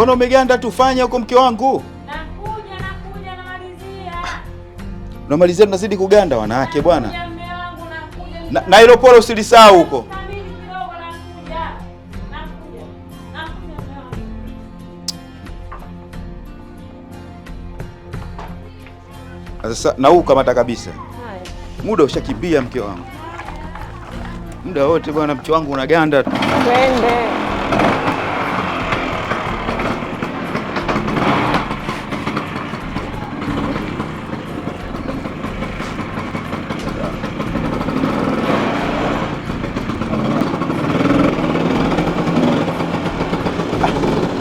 Mbona umeganda tufanya huko mke wangu? Nakuja nakuja namalizia. Namalizia tunazidi kuganda wanawake bwana. Na, hilo pole usilisahau huko. Sasa na huu kamata kabisa. Muda ushakimbia mke wangu. Muda wote bwana mke wangu unaganda tu. Twende.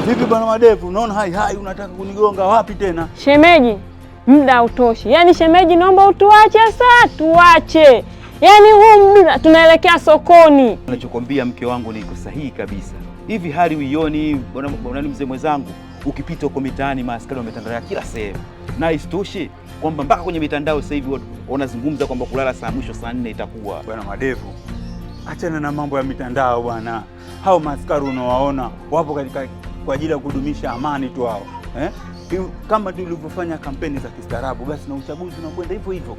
Vipi bwana Madevu, unaona hai hai unataka kunigonga wapi tena? Shemeji, muda hautoshi. Yaani shemeji, naomba utuache saa, tuache. Yaani huu muda tunaelekea sokoni. Nachokwambia mke wangu niko sahihi kabisa. Hivi hali uioni bwana mzee mwenzangu, ukipita huko mitaani maaskari wametandaa kila sehemu, na isitoshe kwamba mpaka kwenye mitandao sasa hivi wanazungumza kwamba kulala saa mwisho saa nne itakuwa. Bwana Madevu, achana na mambo ya mitandao bwana. Hao maaskari unawaona wapo katika kwa ajili ya kudumisha amani tu hao eh? Kama tulivyofanya kampeni za kistaarabu, basi na uchaguzi unakwenda hivyo hivyo,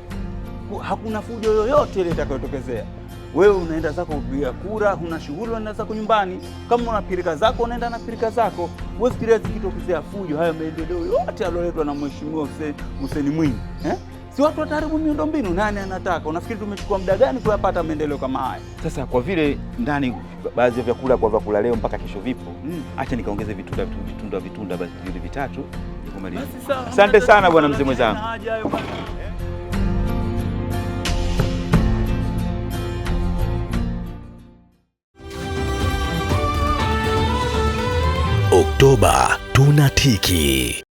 hakuna fujo yoyote ile itakayotokezea. Wewe unaenda zako kupiga kura, huna shughuli, unaenda zako nyumbani. Kama una pirika zako, unaenda na pirika zako. Wewe fikiria zikitokezea fujo, hayo maendeleo yote yalioletwa na mheshimiwa Hussein Mwinyi eh? si watu wataharibu miundombinu? Nani anataka? Unafikiri tumechukua muda gani kuyapata maendeleo kama haya? Sasa kwa vile ndani baadhi ya vyakula kwa vyakula leo mpaka kesho vipo, mm. acha nikaongeze vitunda vitunda vitunda basi vile vitatu. Asante sana bwana mzee mwenzangu. Oktoba tunatiki.